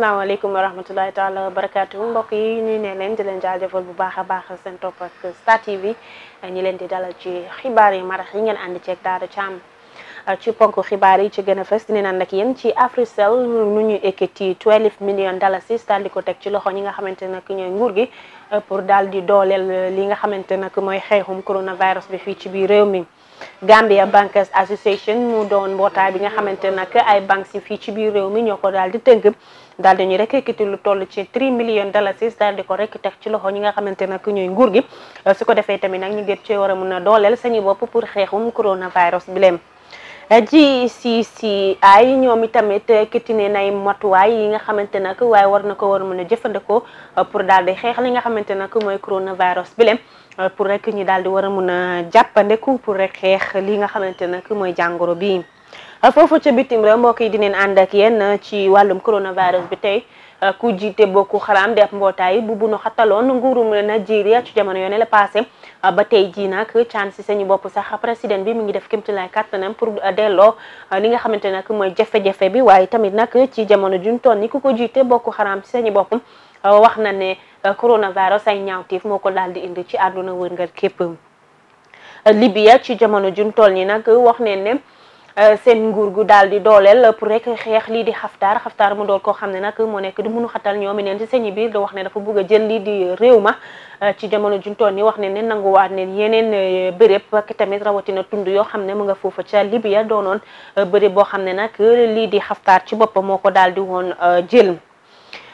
asalaamaaleykum wa rahmatulahi taala wa barakaatu mbokk yi ñu ne leen di leen jaajëfal bu baax a baax seen topp ak Star TV ñi leen di dalal ci xibaar yi marax yi ngeen ànd ceeg ci Thiam ci ponk xibaar yi ci gën a fës dinañ ànd ak yéen ci Africell nu ñu ekkati 12 millions dalasis daal di ko teg ci loxo ñi nga xamante nag ñooy nguur gi pour daal di dooleel li nga xamante nag mooy xeexum coronavirus bi fii ci biir réew mi. Gambia Bankers Association mu doon mbootaay bi nga xamante nag ay banques yi ci biir réew mi ñoo ko daal di tënk. daal di ñu rek ekkiti lu toll ci 3 millions dalasis daal di ko rek teg ci loxo nga xamante nag ñooy nguur gi euh, su ko defee tamit nag ñu gën cee war a mun a dooleel sañu bopp pour xeexum coronavirus bi leem euh, GCCI ñoom itamit kitine nay matuwaay yi nga xamante nag waaye war na ko war mën a jëfandikoo euh, pour daal di xeex li nga xamante nag mooy coronavirus bi leem pour rek ñu daal di war a mun a jàppandeku pour rek xeex li nga xamante nag mooy jàngoro bi foofu ca bitim réew mbokk yi dineen ànd ak yenn uh, ci wàllum coronavirus bi tey uh, ku jiite bokku xaraam de ab mbootaay bu nu xataloon nguurum Nigeria ci jamono yoone la passé uh, ba tey jii nag caan si sañu bopp sax président bi mu ngi def kémtulaay kàttanam pour delloo li nga xamante nag mooy jafe-jafe bi waaye tamit nag ci jamono ju juñ toon ni ku ko jiite bokku xaram si sañu bopp wax na ne coronavirus ay ñaawteef moo ko daal di indi ci àdduna wërngal képp Libya ci jamono juñ nag wax ne ne Euh, seen nguur gu daal di dooleel pour rek xeex lii di xaftaar xaftaar mu doon koo xam ne nag moo nekk di munu xatal ñoom neen ci seen biir da wax ne dafa bugg a jël lii di réew ma euh, ci jamono juntoon ni wax ne ne nanguwaat ne yeneen euh, béréb ak tamit rawatina tund yoo xam ne mu nga foofa ca Libya doonoon béréb boo xam ne nag lii di xaftaar ci boppam moo ko daal di woon jël.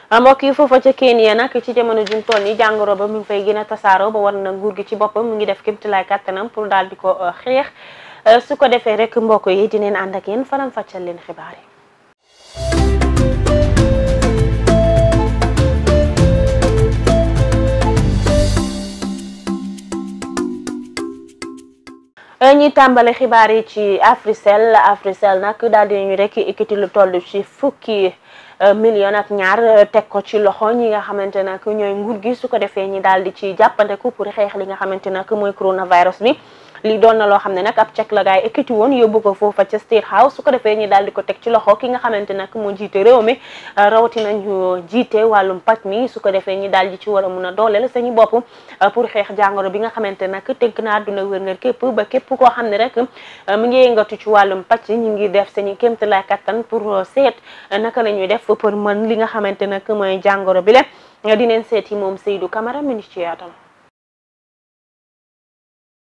Ah, mbokk yi foofa ca Kenya nag ci jamono jum toll nii jàngoro ba mu ngi fay gën a tasaaroo ba war na nguur gi ci boppam mu ngi def kéemtalaay kàttanam pour daal di ko xeex. Euh, su ko defee rek mbokk yi dineen ànd ak yéen faram fàccal leen xibaar yi. Euh, ñuy tàmbale xibaar yi ci Africell Africell nag daldi dinañu rek ekkiti lu toll ci fukki euh, million ak ñaar teg ko ci loxo ñi nga xamante nag ñooy nguur gi su ko defee ñi daal di ci jàppandeku pour xeex li nga xamante nag mooy coronavirus bi. lii doon na loo xam ne nag ab cek la gaay ekkati woon yóbbu ko foofa ca State House su ko defee ñu daal di ko teg ci loxo ki nga xamante nag moo jiite réew mi euh, rawatina ñu jiite wàllum paj mi su ko defee ñi daal di ci war mun a dooleel sañu bopp euh, pour xeex jàngoro bi nga xamante nag tënk na àdduna wér képp ba képp koo xam ne rek euh, mu ngi ci wàllum paj ñu ngi def sañu kéemtalaay kattan pour seet naka la ñuy def pour mën li nga xamante nag mooy jàngoro bi le dinañ seeti moom Seydou Camara ministre yaatam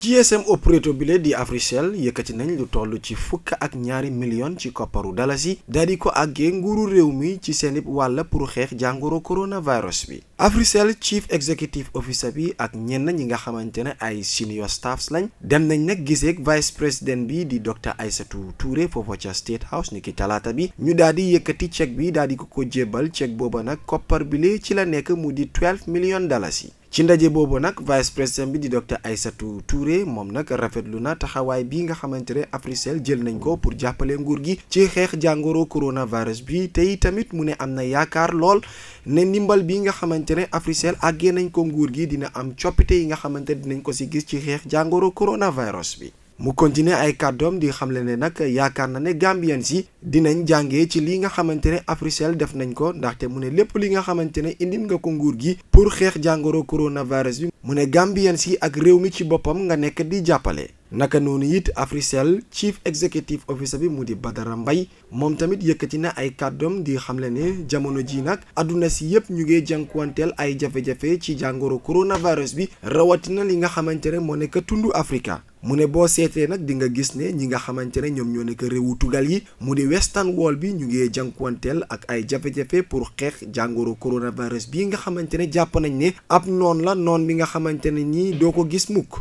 GSM operator bi lee di Africell yëkkati nañ lu toll ci fukk ak ñaari million ci kopparu dalasi daal di ko àggee nguuru réew mi ci seen wàll pour xeex jàngoro corona coronavirus bi Africell chief executive officer bi ak ñenn ñi nga xamante ne ay senior staffs lañ dem nañ nag giseek vice président bi di docteur Aïssatou Touré foofa ca State House niki talaata bi ñu daal di yëkkati chèque bi daal di ko ko jébbal chèque booba nag koppar bi lee ci la nekk mu di 12 million dalasi ci ndaje boobu nag vice président bi di docteur Aïssatou Touré moom nag rafetlu na taxawaay bi nga xamante ne Africell jël nañ ko pour jàppale nguur gi ci xeex jàngoro coronavirus bi tey tamit mu ne am na yaakaar lool ne ndimbal bi nga xamante ne Africell àggee nañ ko nguur gi dina am coppite yi nga xamante ne dinañ ko si gis ci xeex jàngoro coronavirus bi. mu continuer ay kàddoom di xamle ne nag yaakaar na ne Gambien si dinañ jàngee ci li nga xamante ne Africell def nañ ko ndaxte mu ne lépp li nga xamante ne indil nga ko nguur gi pour xeex jàngoro coronavirus bi mu ne Gambien si ak réew mi ci boppam nga nekk di jàppale. naka noonu it Africell chief executive officer bi mu di Badara mbay moom tamit yëkkati na ay kàddoom di xamle ne jamono ji nag àdduna si yëpp ñu ngi jànkuwanteel ay jafe-jafe ci jàngoro coronavirus bi rawatina li nga xamante ne moo nekk tundu Afrika. mu ne boo seetee nag di nga gis ne ñi nga xamante ne ñoom ñoo nekk réewu tugal yi mu di western wall bi ñu ngi jànkuwanteel ak ay jafe pour xeex jàngoro coronavirus bi nga xamante ne jàpp nañ ne ab noon la noon bi nga xamante ne nii doo ko gis mukk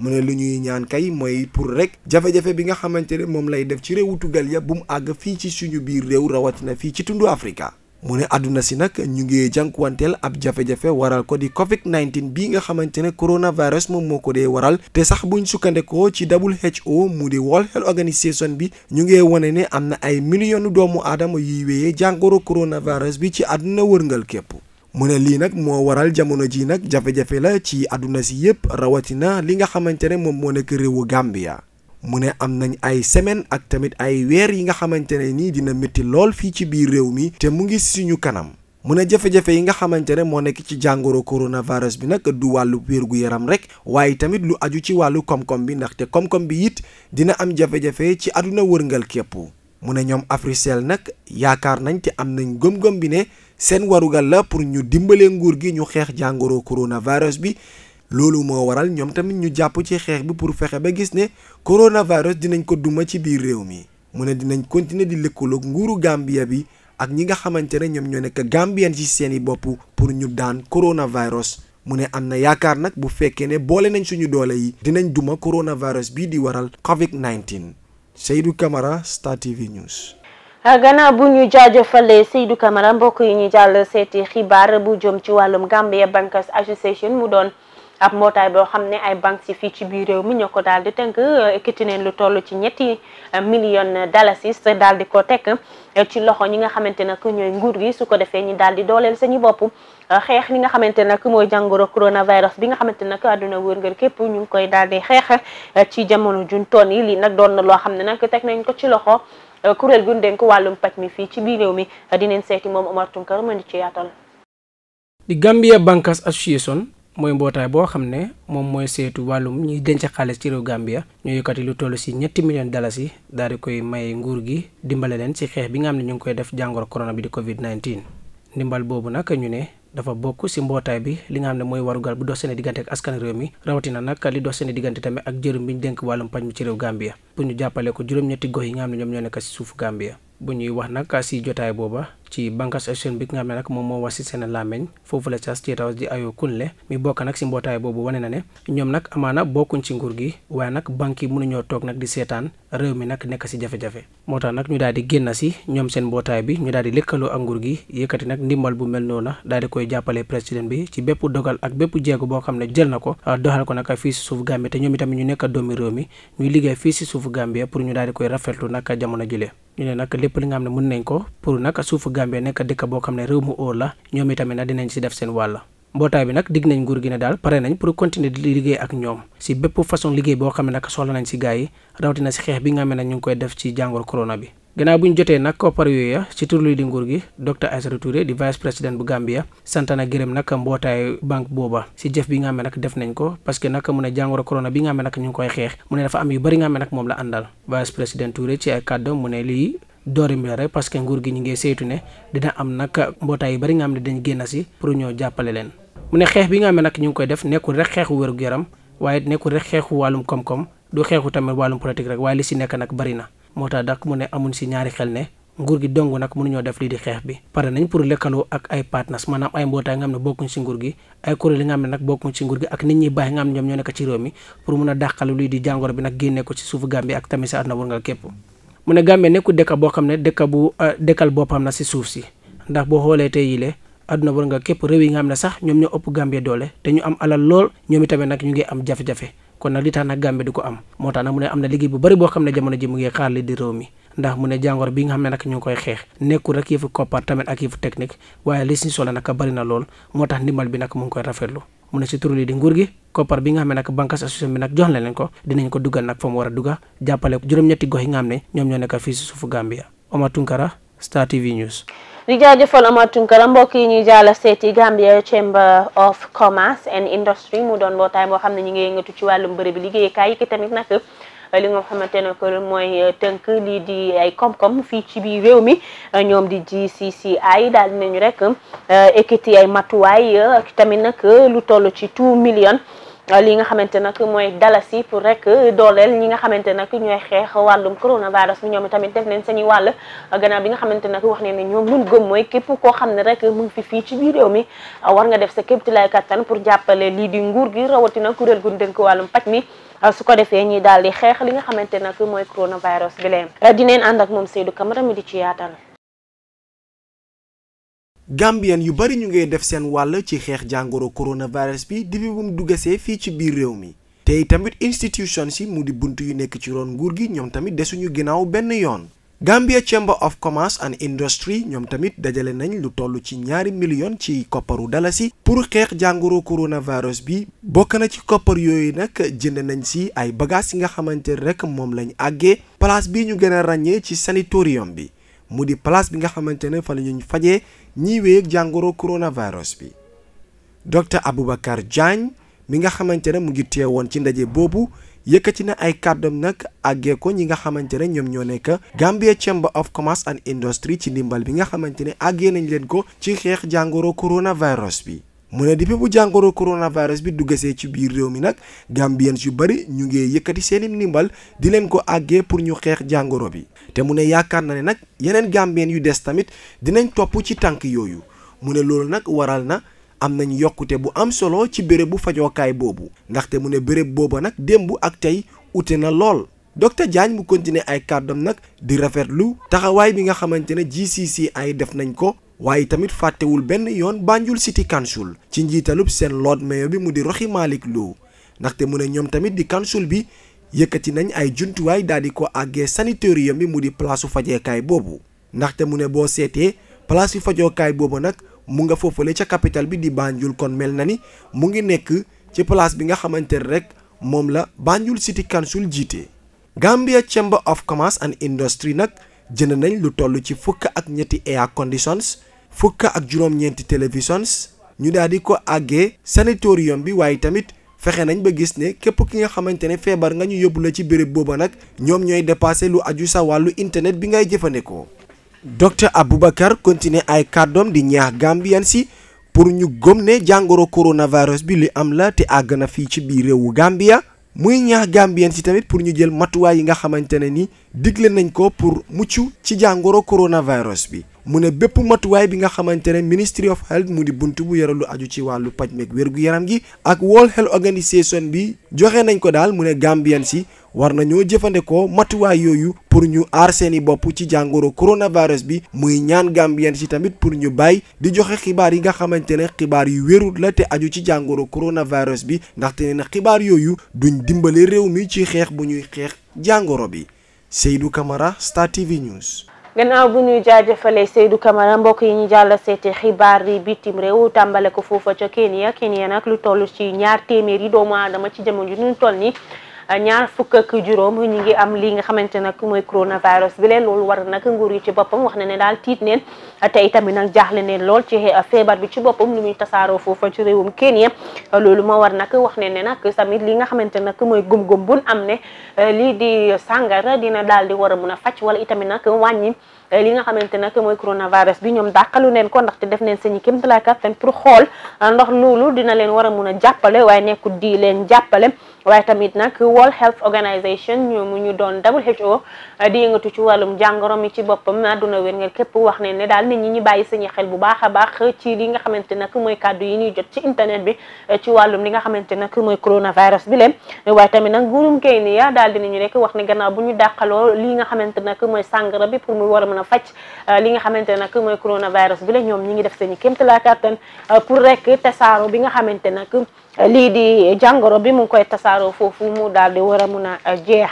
mu ne lu ñuy ñaan kay mooy pour rek jafe-jafe bi nga xamante ne moom lay def ci réewu tugal ya bu mu àgg fii ci suñu biir réew rawatina fii ci tundu Afrika. mu ne àdduna si nag ñu ngi jànkuwanteel ab jafe-jafe waral ko di covid 19 bii nga xamante ne coronavirus moom moo ko dee waral te sax buñ sukkandekoo ci WHO mu di World Health Organization bi ñu nge wane ne am na ay millionu doomu aadama yuy wéyee jàngoro coronavirus bi ci àdduna wërngal képp mu ne lii nag moo waral jamono ji nag jafe-jafe la ci àdduna si yëpp rawatina li nga xamante ne moom moo nekk réewu Gambia mu ne am nañ ay semaine ak tamit ay weer yi nga xamante ne nii dina métti lool fii ci biir réew mi te mu ngi suñu kanam mu ne jafe-jafe yi nga xamante ne moo nekk ci jàngoro coronavirus bi nag du wàllu wér-gu-yaram rek waaye tamit lu aju ci wàllu koom-koom bi ndaxte koom-koom bi it dina am jafe-jafe ci àdduna wërngal képp mu ne ñoom Africell nag yaakaar nañ te am nañ gëm-gëm bi ne seen warugal la pour ñu dimbalee nguur gi ñu xeex jàngoro coronavirus bi loolu moo waral ñoom tamit ñu jàpp ci xeex bi pour fexe ba gis ne coronavirus dinañ ko duma ci biir réew mi mu ne dinañ continuer di lëkkaloog nguuru Gambia bi ak ñi nga xamante ne ñoom ñoo nekk Gambien ci seeni bopp pour ñu daan coronavirus mu ne am na yaakaar nag bu fekkee ne boole nañ suñu doole yi dinañ duma coronavirus bii di waral Covid 19. Seydou Camara Star TV News. gannaaw bu ñu jaajëfalee Seydou Camara mbokk yi ñu jàll seeti xibaar bu jom ci wàllum Gambia Bankers Association mu doon. ab mbootaay boo xam ne ay banques yi fii ci biir réew mi ñoo ko daal di tënk ekkiti neen lu toll ci ñetti euh, million dalasis daal di ko teg euh, ci loxo ñi nga xamante nag ñooy nguur gi su ko defee ñi daal di dooleel sañu bopp euh, xeex li nga xamante nag mooy jàngoro coronavirus bi nga xamante nag àdduna wërngër képp ñu ngi koy daal di xeex ci jamono juntoon yi lii nag doon na loo xam ne nag teg nañ ko ci loxo kuréel gu dénk wàllum paj mi fii ci biir réew mi dineen seeti moom Omar mën di ci yaatal. di Gambia Bankers Association mooy mbootaay boo xam ne moom mooy seetu wàllum ñuy denc xaalis ci réew Gambia ñu yëkkati lu toll si ñetti million dalasi daal di koy may nguur gi dimbale leen si xeex bi nga xam ne ñu ngi koy def jàngoro corona bi di Covid 19. ndimbal boobu nag ñu ne dafa bokk si mbootaay bi li nga xam ne mooy warugal bu dox seen diggante ak askan réew mi rawatina nag li dox seen diggante tamit ak jërëm bi denk dénk wàllum paj mi ci réew Gambia pour ñu jàppale ko juróom-ñetti ne ñoom ñoo nekk si suufu Gambia bu ñuy wax nag si jotaay booba ci bànqaas association bi nga xam ne nag seen làmmeñ foofu la ca State di Ayo Kunle mi bokk nag si mbootaay boobu wane na ne ñoom nag amaana bokkuñ ci nguur gi waaye nag banque yi mënuñoo toog nag di seetaan réew mi nag nekk si jafe-jafe moo tax nag ñu daal di génn si ñoom seen mbootaay bi ñu daal di lëkkaloo ak nguur gi yëkkati nag ndimbal bu mel noonu daal di koy jàppale président bi ci bépp dogal ak bépp jéego boo xam ne jël na ko ah, doxal ko nag fii si suuf Gambie te ñoom itamit ñu nekk doomi réew mi ñuy liggéey fii si suuf Gambie pour ñu daal di koy rafetlu nag jamono jile ñu Gambie nekk dëkk boo xam ne réew mu óor la ñoom itamit na dinañ si def seen wàlla mbootaay bi nag digg nañ nguur gi ne daal pare nañ pour continuer di liggéey ak ñoom si bépp façon liggéey boo xam ne nag soxla nañ si gars yi rawatina si xeex bi nga xam ne ñu ngi koy def ci jàngoro corona bi gannaaw bu ñu jotee nag ko parce que nag mu ne jàngoro corona bi nga xam nag ñu ngi koy xeex mu ne dafa am yu bëri nga xam nag moom la àndal vice président doori mi la rek parce que nguur gi ñu ngi saytu ne dina am nag mbootaay yu bari nga am ne dañ génn si pour ñoo jàppale leen. mu ne xeex bi nga am ne nag ñu ngi koy def nekkul rek xeexu wérgu yaram waaye nekkul rek xeexu wàllum koom-koom du xeexu tamit wàllum politique rek li si nekk nag bari na moo tax dak mu ne amuñ si ñaari xel ne. nguur gi dong nag ñoo def lii di xeex bi pare nañ pour lëkkaloo ak ay partenaires maanaam ay mbootaay nga xam ne bokkuñ si nguur gi ay kuréel yi nga xam ne nag bokkuñ si nguur gi ak nit ñi baax nga xam ne ñoom ñoo nekk ci réew mi pour mun a dàqal lii di jàngoro bi nag génne ko ci suufu Gambie ak tamit si àdduna wërngal mu ne Gambie nekkul dëkk boo xam ne dëkk bu euh, dëkkal boppam na si suuf si ndax boo xoolee tey yile àdduna war nga képp réew yi nga xam ne sax ñoom ñoo ëpp gambee doole te ñu am alal lool ñoom itamit nag ñu ngi am jafe-jafe kon nag li tax nag Gambie du ko am moo tax nag mu ne am na liggéey bu bari boo xam ne jamono ji mu ngi xaar li di réew mi ndax mu ne jàngoor bi nga xam ne nag ñu ngi koy xeex nekkul rek yëfu koppar tamit ak yëfu technique waaye li si soxla bari na lool moo tax ndimbal bi nag mu koy rafetlu mu ne si turli di nguur gi koppar bi nga nag banque association bi nag jox na leen ko dinañ ko dugal nag fa mu war a duga jàppale juróom-ñetti gox yi nga xam ñoom ñoo nekk fii suufu Gambia Omar Tunkara Star News. di jaajëfal Omar Tunkara mbokk yi ñuy jaala seeti Gambia Chamber of Commerce and Industry mu doon mbootaay boo xam ne ñu ngi yëngatu ci wàllum bërëb liggéeykaay yi tamit nag. li nga xamante ne que mooy tënk lii di ay koom fii ci biir réew mi ñoom di GCCI daal dinañu rek ekkiti eh, ay matuwaay ak eh, tamit nag eh, lu toll ci two million li nga xamante nag mooy dalasi pour rek dooleel ñi nga xamante nag ñooy xeex wàllum coronavirus bi ñoom tamit def nañ seeni wàll gannaaw bi nga xamante nag wax ne ne ñoom mun gëm mooy képp koo xam ne rek mu ngi fi fii ci biir réew mi war nga def sa képp ti lay kattan pour jàppale lii di nguur gi rawatina kuréel gu dënk wàllum paj mi Euh, su ko defee ñuy daal di xeex li nga xamante nag mooy coronavirus bi leen euh, dineen ànd ak moom Seydou Camara mi di ci yaatal. Gambien yu bari ñu ngay def seen wàll ci xeex jàngoro coronavirus bi di bi mu dugasee fii ci biir réew mi te tamit institution si mu di bunt yu nekk ci roon nguur gi ñoom tamit desuñu ginnaaw benn yoon. Gambia Chamber of Commerce and Industry ñoom tamit dajale nañ lu toll ci ñaari million ci kopparu dalasi pour xeex jàngoro coronavirus bi bokk na ci koppar yooyu nag jënd nañ si ay bagages yi nga xamante rek moom lañ àggee place bi ñu gën a ràññee ci sanatorium bi mu di place bi nga xamante ne fa la ñu fajee ñiy wéy ak jàngoro coronavirus bi docteur Aboubacar Diagne mi nga xamante ne mu ngi teewoon ci ndaje boobu. yëkkati na ay kàddam nag àggee ko ñi nga xamante ne ñoom ñoo nekk Gambia Chamber of Commerce and Industry ci ndimbal bi nga xamante ne àggee nañ leen ko ci xeex jàngoro coronavirus bi. mu ne depuis bu jàngoro coronavirus bi duggasee ci biir réew mi nag Gambiens yu bari ñu ngi yëkkati seeni ndimbal di leen ko àggee pour ñu xeex jàngoro bi te mu ne yaakaar na ne nag yeneen Gambien yu des tamit dinañ topp ci tànk yooyu mu ne loolu nag waral na. am nañ yokkute bu am solo ci bérébu fajokaay boobu ndaxte mu ne béréb booba nag démb ak tey ute na lool docteur Diagne mu continuer ay kàddam nag di rafetlu taxawaay bi nga xamante ne GCC ay def nañ ko waaye tamit fàttewul benn yoon Banjul City Council ci njiitalub seen Lord Mayor bi mu di Rohey Malick Lowe ndaxte mu ne ñoom tamit di council bi yëkkati nañ ay jumtuwaay daal di ko àggee sanatorium bi mu di place su fajeekaay boobu ndaxte mu ne boo seetee place su fajookaay boobu nag mu nga foofale ca capital bi di Banjul kon mel na ni mu ngi nekk ci place bi nga xamante ne rek moom la Banjul City Council jiite. Gambia Chamber of Commerce and Industry nag jënd nañ lu toll ci fukk ak ñetti air conditions fukk ak juróom-ñeenti ñu daal di ko àggee sanatorium bi waaye tamit fexe nañ ba gis ne képp ki nga xamante ne feebar nga ñu yóbbu la ci béréb booba nag ñoom ñooy dépassé lu aju sa wàllu internet bi ngay jëfandikoo. docteur Aboubacar continué ay kàddoom di ñaax Gambien si pour ñu gëm ne jàngoro coronavirus bi li am la te àgg na fii ci biir réewu Gambia muy ñaax Gambien si tamit pour ñu jël matuwaay yi nga xamante ne ni digle nañ ko pour mucc ci jàngoro coronavirus bi. mu ne bépp matuwaay bi nga xamante ne ministry of health mu di bunt bu yore aju ci wàllu paj meeg wér gu yaram gi ak World Health Organisation bi joxe nañ ko daal mu ne Gambien si. war nañoo jëfandikoo matuwaay yooyu pour ñu aar seeni bopp ci jàngoro coronavirus bi muy ñaan gambien ci tamit pour ñu bàyyi di joxe xibaar yi nga xamante ne xibaar yu wérut la te aju ci jàngoro coronavirus bi ndaxte ne xibaar yooyu duñ dimbali réew mi ci xeex bu ñuy xeex jàngoro bi Seydou Camara Star TV News. gannaaw bu ñuy jaajëfalee Seydou Camara mbokk yi ñu jàll seete xibaar yi bitim réew tàmbale ko foofa ca Kenya Kenya nag lu toll ci ñaar téeméeri doomu aadama ci jamono a ñaar fukk ak juróom ñu ngi am li nga xamante nag mooy coronavirus bi leen loolu war nag nguur yi ci boppam wax na ne daal tiit neen te itamit na jaaxle neen lool ci feebar bi ci boppam lu muy tasaaroo foofa ci réewum Kenya loolu moo war nag wax ne ne nag samit li nga xamante nag mooy gëm-gëm bun am ne eh, lii di sàngara dina daal di war a mun a faj wala itamit nag wàññi eh, li nga xamante nag mooy coronavirus bi ñoom dàqalu neen ko ndaxte def neen seeni kéem tolluwaay kattan pour xool eh, ndox loolu dina leen war a mun a jàppale waaye nekkul di leen jàppale waaye tamit nag World Health Organization ñoom ñu doon WHO eh, di yëngatu ci wàllum jàngoro mi ci boppam àdduna wér nga képp wax ne ne daal nit ñi ñu bàyyi sañu xel bu baax baax ci li nga xamante nag mooy kàddu yi ñuy jot ci internet bi eh, ci wàllum li nga xamante nag mooy coronavirus bi leen waaye tamit nag nguurum Kenya daal dinañu rek wax ne gannaaw bu ñu dàqaloo li nga xamante nag mooy sàngara bi pour mu war a mën a faj eh, li nga xamante nag mooy coronavirus bi la ñoom ñu ngi def seen i kéemtalaay kàttan pour te tasaaro bi nga xamante nag lii di jàngoro bi mu koy tasaaroo foofu mu daal di war a mun a jeex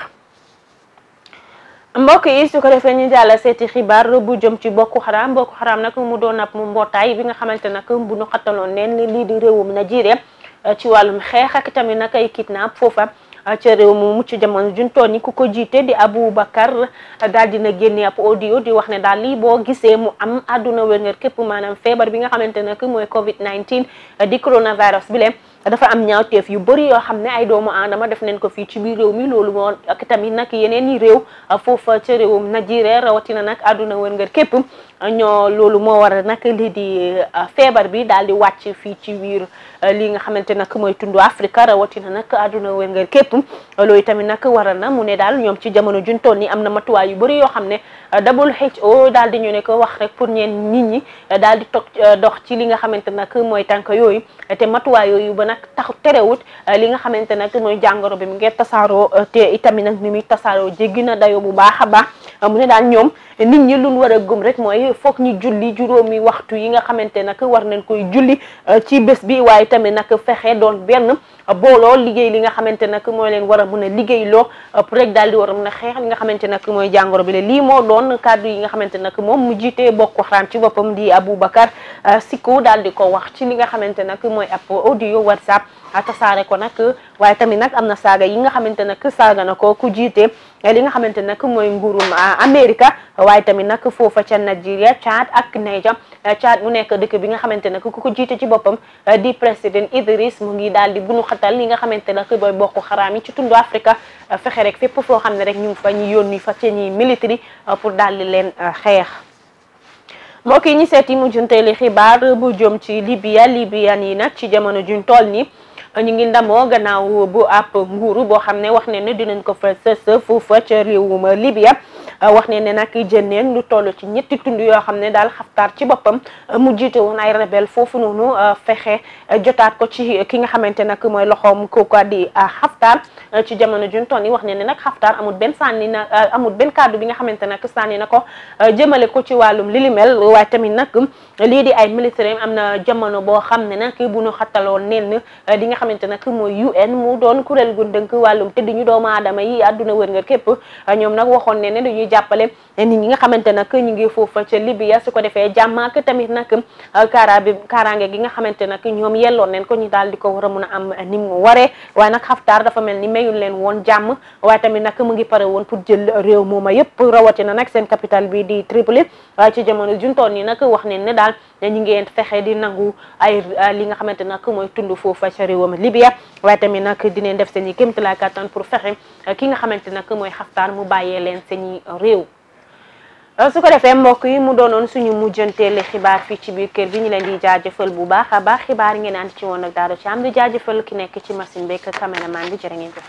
mbokk yi su ko defee ñu jàll seeti xibaar bu jëm ci bokku xaraam bokku xaraam nag mu doon ab mu mbootaay bi nga xamante nag bu ñu xattaloon neen lii di réewum Nigeria ci wàllum xeex tamit nag ay kidnap foofa ca réew mu mucc jamono juntoon yi ku ko jiite di Aboubacar daal dina génne ab audio di wax ne daal lii boo gisee mu am àdduna wér-ngër képp maanaam feebar bi nga xamante nag mooy covid 19 di coronavirus bi dafa am ñaawteef yu bëri yoo xam ne ay doomu aadama def nañ ko fii ci biir réew mi loolu moo ak tamit nag yeneen i réew ah, foofa ca réewum Nigeria rawatina nag àdduna wërngër képp ah, ñoo loolu moo waral nag lii di ah, feebar bi daal di wàcc fii ci biir li nga xamante nag mooy tundu Afrique rawatina nag àdduna wërngër képp loolu tamit nag waral na mu ne daal ñoom ci jamono juntoon ni am na matuwaay yu bëri yoo xam ne WHO daal di ñu ne ko wax rek pour ñeen nit ñi daal di toog dox ci li nga xamante nag mooy tànk yooyu nag tax terewut euh, li nga xamante nag mooy jàngoro bi mu ngi tasaaroo euh, te itamit nag ni muy tasaaroo jéggi na dayo bu baax a baax mu ne daal ñoom nit ñi lu war a rek mooy foog ñu julli juróomi waxtu yi nga xamante nag war nañ koy julli uh, ci bés bi waaye tamit nag fexe doon benn booloo liggéey li nga xamante nag mooy leen war a mun a liggéey loo uh, daal di war a mun a xeex li nga xamante nag mooy jàngoro bi la lii moo doon kàddu yi nga xamante nag moom mu jiitee Boko Haram ci boppam di Aboubacar uh, Siko daal di ko wax ci li nga xamante nag mooy ab audio WhatsApp tasaare ko nag waaye tamit nag am na saaga yi nga xamante nag saaga na ko ku jiite Eh, li nga xamante nag mooy nguurum ah, Amérique waaye tamit nag foofa ca Nigeria Tchad ak Niger Tchad eh, mu nekk dëkk bi nga xamante nag ku ko jiite ci boppam eh, di président Idriss mu ngi daal di bunu xatal li nga xamante nag booy bokk xaraam yi ci tundu Afrique fexe rek fépp foo xam ne rek ñu ngi fa ñu yónni fa ci ñi militari pour daal di leen xeex mbokk yi ñu seet yi mu junteeli xibaar bu jëm ci Libya Libyan yi nag ci jamono juñ toll nii Euh, ñu ngi ndamoo gannaaw bu app nguur boo xam ne wax ne ne dinañ ko fa sës foofa ca réewum Libya Euh, wax ne ne nag neen lu toll ci ñetti tund yoo xam ne daal xaftaar ci boppam euh, mu jiite woon ay rebel foofu noonu euh, fexe jotaat ko ci ki nga xamante nag mooy loxoom kooku di xaftaar ci jamono juntoon yi wax ne ne nag xaftaar amul benn sànni na amul benn kàddu bi nga xamante nag sànni na ko jëmale ko ci wàllum li li mel waaye tamit nag lii di ay militaire am na jamono boo xam ne nag bu nu xattaloo nenn di nga xamante nag mooy UN mu doon kuréel gun ndënk wàllum tëdd ñu doomu aadama yi àdduna wër nga képp jàppale Eh, nit ñi nga xamante nag ñu ngi foofa ca Libya su ko defee jàmm ak tamit nag eh, kaara bi kaaraange gi nga xamante nag ñoom yelloon neen ko ñu daal di ko war a mun a am eh, ni waree waaye nag Haftar dafa mel ni mayul leen woon jàmm waaye tamit nag mu ngi pare woon pour jël réew mooma yëpp rawatina nag seen capital bi di Tripoli waaye ci jamono juntoon yi nag wax neen ne daal ñu ngi fexe di nangu ay li nga xamante nag mooy tund foofa ca réewam Libya waaye tamit nag dineen def seen i kéemtalaay kattan pour fexe ki nga xamante nag mooy Haftar mu bàyyee leen se i réew Euh, su ko defee mbokk yi mu doonoon suñu mujjanteeli xibaar fii ci biir kër bi ñu leen di jaajëfal bu baax a baax xibaar yi ngeen ànd ci woon ak Dado Thiam di jaajëfal ki nekk ci machine beeg caméraman bi jërë ngeen jëf